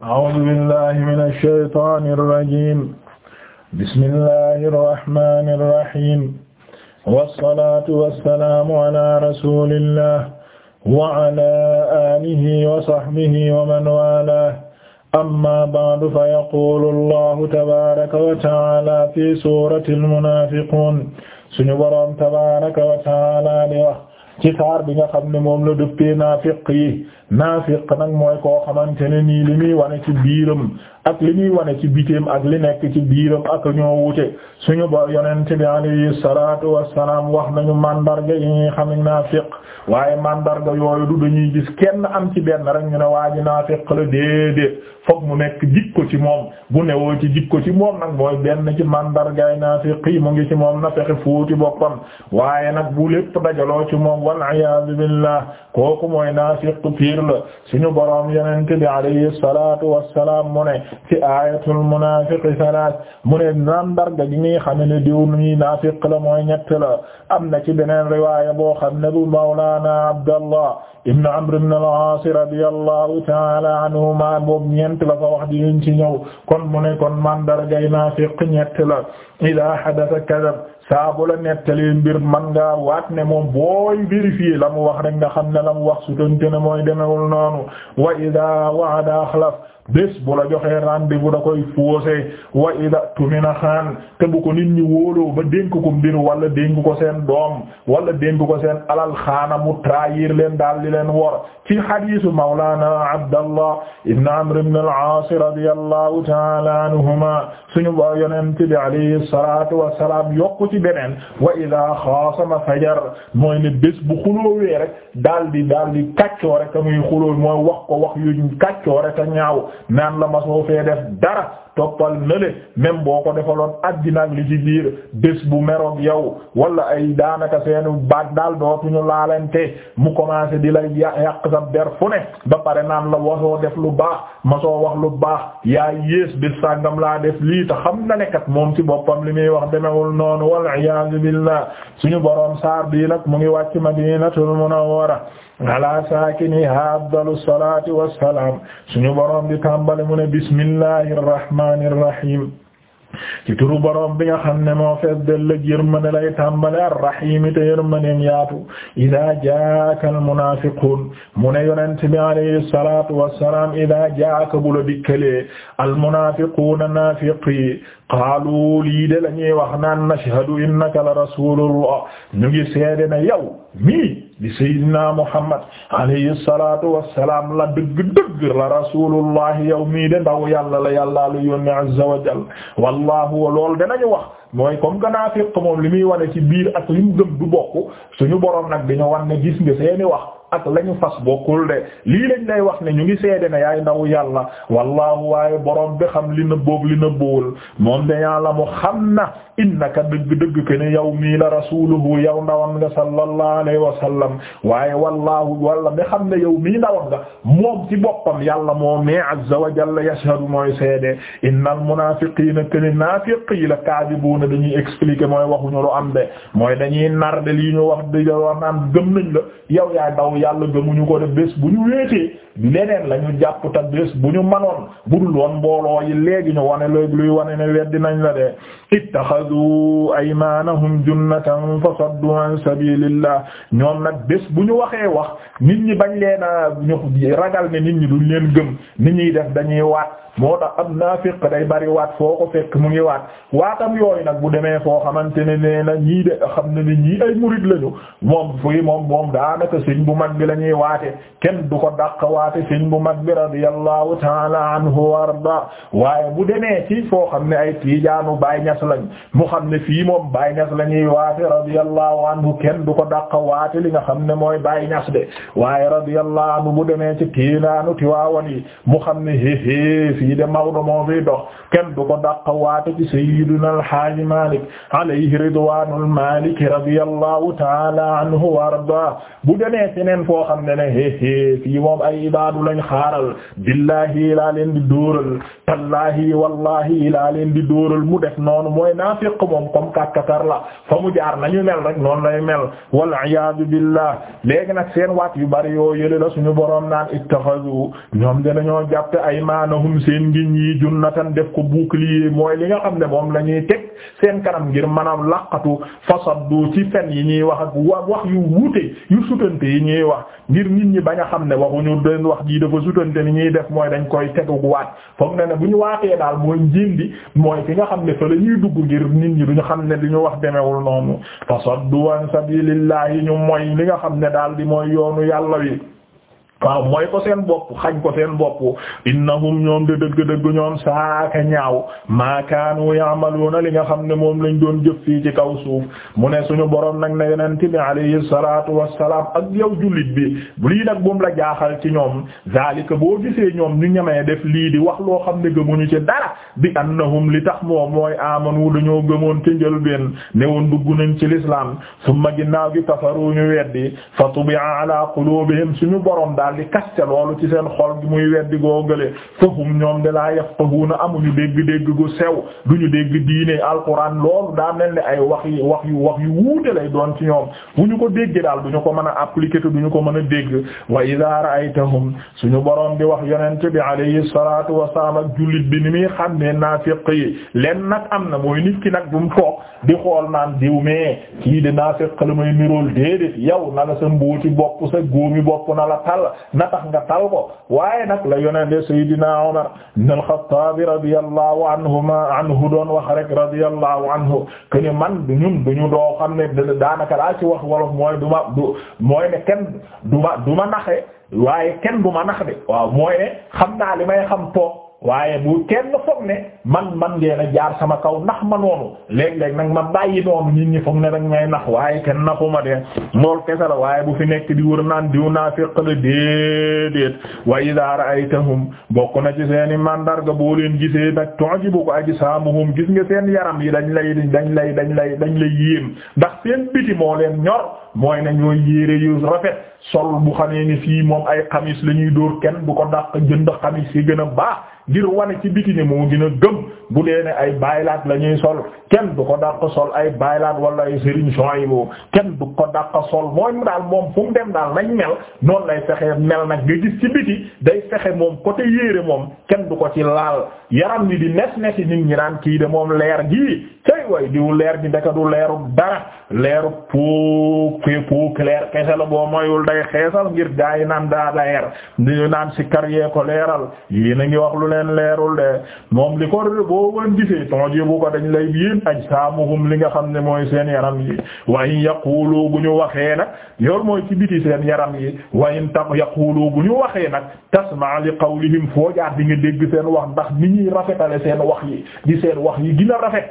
a'uuzu billaahi mina shaytaani rajiim bismillaahi rahmaani rahiim wassalaatu wassalaamu alaa rasuulillaah wa alaa aalihi wa sahbihi wa man waalaah ammaa ba'du fa yaquulu allaahu tabaaraka wa ta'aalaa fii suuratil munaafiquun suñu boroom tabaaraka wa ta'aalaa di wax ci saar bi nga xam ne moom la duppee naafiq yi naafiq nag mooy koo xamante ne nii li muy wane ci biiram ak li muy wane ci biteem ak li nekk ci biiram ak ñoo wute suñu ba yonent bi alayhi salaatu wassalaam wax nañu mandarga yi ñuy xam naafiq waaye màndarga yooyu du dañuy gis kenn am ci benn rek ñu ne waa ji naafiq la déedéet fokk mu nekk jikko ci moom bu newoo ci jikko ci moom nag mooy benn ci mandargaay naafiq yi mu ngi ci moom na fexe fuuti boppam waaye nag bu lépp dajaloo ci moom wal iyaadu la suñu boroom yonent bi alayhi salaatu wassalaam mu ne ci aayatul munaafiqi salaas mu ne nandarga gi ñuy xam ne diw mi naafiq la mooy ñett la am na ci beneen riwaaya boo xam ne bu mawlaana Abdallah ibn Amr ibn al-Aas radiyallahu ta'ala anhuma moom ñeent la fa wax di ñu ci ñëw kon mu ne kon mandargay naafiq ñett la idaa hadatha kadab saa bu la nettalee mbir man ngaa waat ne moom booy vérifier la mu wax rek nga xam ne la mu wax su doon ne mooy demewul noonu wa idaa wa'ada axlaf bés bu la joxee rendez-vous da koy foosee wa ida tumina xaan te bu ko nit ñi ba dénk ko mbir wala dénk ko seen doom wala dénk ko seen alal xaana mu trahir leen daal di leen wor ci hadiisu mawlaana abdallah ibn amr ibn al-aas radiyallahu taala anhuma suñu ba yonent bi alayhi salatu wasalaam yokk ci beneen wa ida xaasama fajar mooy ne bu xuloowee rek daal di daal di kàccoo rek a muy xuloo mooy wax naan la ma soo fee def dara toppal nële même boo ko defaloon addina ak li ci biir bés bu meroog yow wala ay daanaka bu baag daal doo dootuñu laalante mu commencé di la yàq sa ber fu ne ba pare naan la wasoo def lu baax masoo wax lu baax yaa yées bés sàngam laa def lii te xam na ne moom ci boppam li muy wax demewul noonu wal iyaazu billah suñu boroom saar bii nag mu ngi wàcc madinatul munawwara ala saakiniha afdalu salaati wassalaam suñu boroom di tàmbale mu ne bismillahir rahmaan rahmaanir rahiim ci turu boroom bi nga xam ne moo fees dell ak yërmande lay tàmbale arrahimi te yërmandeem yaatu idaa jaaka almunafiqun mu ne yonent bi alayhi salatu wassalam idaa jaaka bu la dikkalee almunafiquna naafiqi qaalu lii de la ñuy wax naan nashhadu innaka la rasulullah ñu ngi seede na yow mii di sayyidina Muhammad alayhi salaatu wa salaam la dëgg-dëgg la rasulullah yow mii de ndaw yàlla la yàllaa lu yónni azza wa jalla wallaahu lool danañu wax mooy comme que naafiq moom li muy wane ci biir ak li mu gëm du bokk suñu borom nag dañu wan ne gis nga seeni wax. ak la ñu fas bokkul de lii lañ lay wax ne ñu ngi seede na yaay ndaw yàlla wallaahu waaye borom bi xam li na boob li na bool moom de la mu xam na innaka dëgg-dëgg ke ne yow mii la rasuluhu yow ndawam nga sallallahu alayhi wa sallam waaye wallaahu walla mi xam ne yow mii ndawam nga moom ci boppam yàlla moo nee azza wa jalla yashhadu mooy seede innal munaafiqiina ke ne naafiqi la kaadibuuna dañuy expliquer mooy waxuñu lu am de mooy dañuy nar de lii ñu wax di wax naan gëm nañ la yow yaay ndaw yàlla gëmuñu ko de bés bu ñu wéetee leneen la ñu jàpp ta bu ñu manoon budul woon mbooloo yi léegi ñu wane léegi luy wane ne weddi nañ la de ittaxadu aymaanahum junnatan fasaddu an sabilillah ñoom nag bés bu ñu waxee wax nit ñi bañ leen a ñu ragal ne nit ñi duñ leen gëm nit ñuy def dañuy waat moo tax am naafiq day bari waat foo ko fekk mu ngi waat waatam yooyu nag bu demee foo xamante ne nee na ñii de xam ne nit ñii ay murid lañu moom fii moom moom daanaka sëñ bu mag bi la ñuy waate kenn du ko dàq waate sëñ bu mag bi radiyallahu taala anhu wa arda waaye bu demee ci foo xam ne ay tiijaanu Baay Ñas lañ mu xam ne fii moom Baay Ñas la ñuy waate radiyallahu anhu kenn du ko dàq li nga xam ne mooy Baay Ñas de waaye radiyallahu anhu bu demee ci tiinaanu tiwaawan yi mu xam ne héhé fii de Maodo moo fiy dox kenn du ko dàqa waate ci sayyidina alhaaji Malik alayhi ridwanul maliki radiyallahu taala anhu wa arda bu demee feneen foo xam ne ne fii moom ay ibaadu lañ xaaral billahi laa leen di dóoral tallahi wallahi laa leen di dóoral mu def noonu mooy naafiq moom kom kàkkatar la fa mu jaar nañu mel rek noonu lay mel wal iyaadu billah léegi nag seen waat yu bari yoo yële la suñu boroom naan ittaxazu ñoom de dañoo jàppe aymaanahum seen ngiñ yi junnatan def ko bu bouclier mooy li nga xam ne moom la ñuy teg seen kanam ngir maanaam laqatu fasaddu ci fen yi ñuy wax ak wax yu yu sutante yi ñuy wax ngir nit ñi bañ a xam ne waxuñu den wax ji dafa sutante ni ñuy def mooy dañ koy tegu waat foog na ne bu ñu waatee daal mooy njiin di mooy fi nga xam ne fa la ñuy dugg ngir nit ñi duñu xam ne li wax demewul noonu fasaddu an sabilillahi ñu mooy li nga xam ne daal di mooy yoonu yàlla wi waaw mooy ko seen bopp xañ ko seen bopp innahum ñoom de dëgg-dëgg ñoom saaka ñaaw maakaanu ya'maluna li nga xam ne moom lañ doon jëf fii ci kaw suuf mu ne suñu boroom nag ne yeneen bi alayhi salaatu wassalaam ak yow jullit bi lii nag bu la jaaxal ci ñoom daalika boo gisee ñoom ñu ñemee def lii di wax loo xam ne gëmuñu ci dara bi annahum li tax moom mooy amanu dañoo gëmoon ci njëlbeen ne woon dugg nañ ci l'islam summa ginnaaw gi kafaru ñu weddi fa tubi'a suñu borom daal daal di kaste loolu ci seen xol muy weddi googale fahum ñoom de laa yafqahuna amuñu dégg-dégg gu sew du duñu dégg diine alquran loolu daa mel ni ay wax yi wax yu wax yu wuute lay doon ci ñoom bu ñu ko déggee daal duñu ko mën a appliquer te ñu ko mën a dégg wa idha ra'aytahum suñu boroom di wax yonent bi alayhi wa wasalaam ak jullit bi ni muy xam ne naafiq yi len nag am na mooy nit ki nag bu mu toog di xool naan diw mee kii de naafiq la may na la sa mbuuti bopp sa góomi na tax nga tal ko waaye nag la yonente saydina Umar ibn al-Khattab radiyallahu anhuma anhu doon wax rek radiyallahu anhu kene man ñun duñu doo xam ne daanaka laa ci wax wolof mooy du ma du mooy ne kenn du ma du ma naxe waaye kenn du ma nax de waaw mooy ne xam naa li may xam toog waaye bu kenn foog ne man man ngeen a jaar sama kaw nax ma noonu léeg-léeg nag ma bàyyi noonu nit ñi foog ne rek may nax waaye kenn naxuma de mool kese la waaye bu fi nekk di wër naan diw naa féqala déedéet wa idaa ra'aytahum bokk na ci seeni mandarga boo leen gisee nag tu'jibuka ajsaamuhum gis nga seen yaram yi dañ lay dañ lay dañ lay dañ lay yéem ndax seen biti moo leen ñor mooy na ñooy yére yu rafet sol bu xamee ni fii moom ay xamis la ñuy dóor kenn bu ko dàq jënd xamis yi gën a baax ngir wane ci biti ne moo gën gëm bu dee ne ay baylaat la ñuy sol kenn du ko dàq sol ay baylaat wala ay sëriñ yi boobu kenn du ko dàq sol mooy daal moom fu mu dem daal nañ mel noonu lay fexee mel nag nga gis ci biti day fexe moom côté yére moom kenn du ko ci laal yaram ni di nes nesi nit ñi naan kii de moom leer gi cay way diwu leer gi ndeka du leeru dara leeru pou pou clair kese la boo moyul day xeesal ngir gaa yi naan daa leer di naan si kariyee ko leeral yéen a wax lu leen leerul de moom li ko boo wan gisee ton ji bu ko dañ lay yéen aj saamuhum li nga xam ne mooy seen yaram yi wa in yaqulu bu ñu waxee nag yow mooy ci biti seen yaram yi wa in taq yaqulu bu ñu waxee nag tasma li qawlihim foo jaar bi nga dégg seen wax ndax ni ñuy rafetale seen wax yi di wax yi gën rafet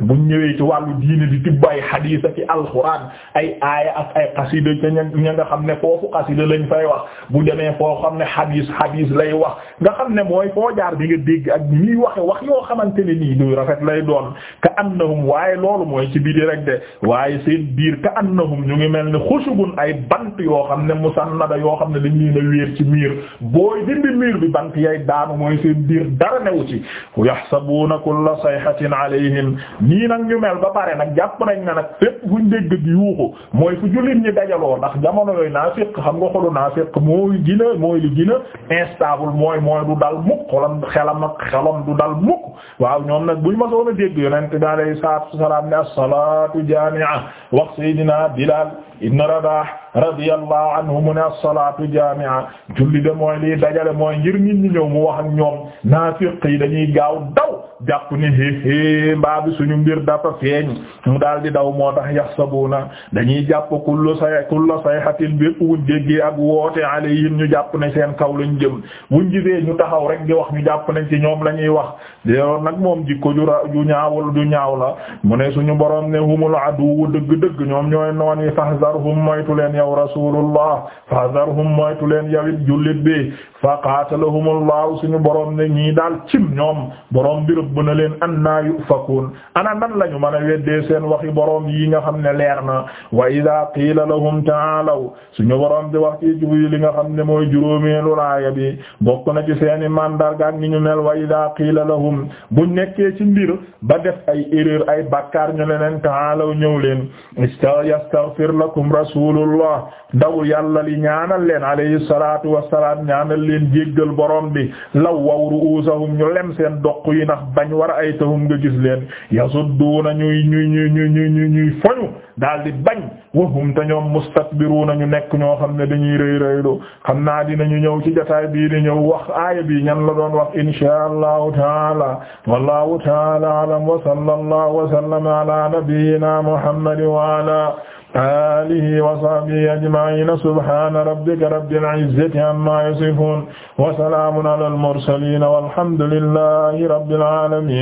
bu ñëwee ci wàllu diine di tibbaay xadiis ak alxuraan ay aaya ak ay xasida ca ña nga xam ne foofu xasida lañ fay wax bu demee foo xam ne xadiis xadiis lay wax nga xam ne mooy foo jaar bi nga dégg ak ñuy waxe wax yoo xamante ne nii du rafet lay doon ka annahum waaye loolu mooy ci biir rek de waaye seen biir ka annahum ñu ngi mel ni xushubun ay bant yoo xam ne musannada yoo xam ne dañ leen a wéer ci miir booy dindi miir bi bant yay daanu mooy seen biir dara newu ci yaxsabuuna kulla sayhatin alayhim ñii nag ñu mel ba pare nag jàpp nañ na nag fépp buñ dégg di yuuxu mooy fu jullit ñi dajaloo ndax jamono yooyu naafiq xam nga xolu naafiq mooy gina mooy li gina instable mooy mooy du dal mukk xolam xelam ak xelam du dal mukk waaw ñoom nag buñ masoon a dégg yonent bi alayhi salaatu wassalaam ne as-salaatu jaami'a wax Seydina Bilaal ibn Rabaah radiyallahu anhu mu ne as-salaatu jaami'a julli de mooy liy dajale mooy ngir nit ñi ñëw mu wax ak ñoom naafiq yi dañuy gaaw daw jàpp ni hé hé mbaa suñu mbir dafa feeñ mu daal di daw moo tax yaxsabuna dañuy jàpp kullu say kullu sayhatin bépp wuñ déggee ak woote alayhim ñu jàpp na seen kaw lañ jëm buñ gisee ñu taxaw rek di wax ñu jàpp nañ ci ñoom lañuy ñuy wax yoon nag moom jikko ju ra ñaaw la mu ne suñu boroom ne humul aduwu dëgg-dëgg ñoom ñooy noon yi fahzarhum moytu leen yow rasulullah fahzarhum moytu leen yawit jullit bi fa qatalahumullahu suñu boroom ne ñii daal cim ñoom boroom bi rëbb na leen anna yufakun ana nan lañu mën a weddee seen waxi boroom yi nga xam ne leer na wa ida qiila lahum taalaw suñu boroom di wax ci jiw yi li nga xam ne mooy juróomeelu laaya bi bokk na ci seeni mandarga ak ni ñu mel wa ida qiila lahum bu nekkee ci mbir ba def ay erreur ay bakkaar ñu ne leen taalaw ñëw leen ista yastaghfir lakum rasulullah daw yàlla li ñaanal leen alayhi wa wasalaam ñaanal leen jéggal boroom bi law waw ru'usahum ñu lem seen doq yi ndax bañ war a ay tahum yasudduuna ñuy ñuy ñuy ñuy ñuy ñuy foñu daal di bañ wahum te ñoom mustakbiruuna ñu nekk ñoo xam ne dañuy rëy rëylu xam naa dinañu ñëw ci jotaay bii di ñëw wax aaya bii ñan la doon wax inshaa allahu taala wallahu taala a'lam wa sallallahu wa sallama ala nabiyyina muhammad wa ala alihi wa sahbihi ajma'in subhana rabbika rabbil izzati amma yasifun wa salamun ala al mursalin walhamdulillahi rabbil alamin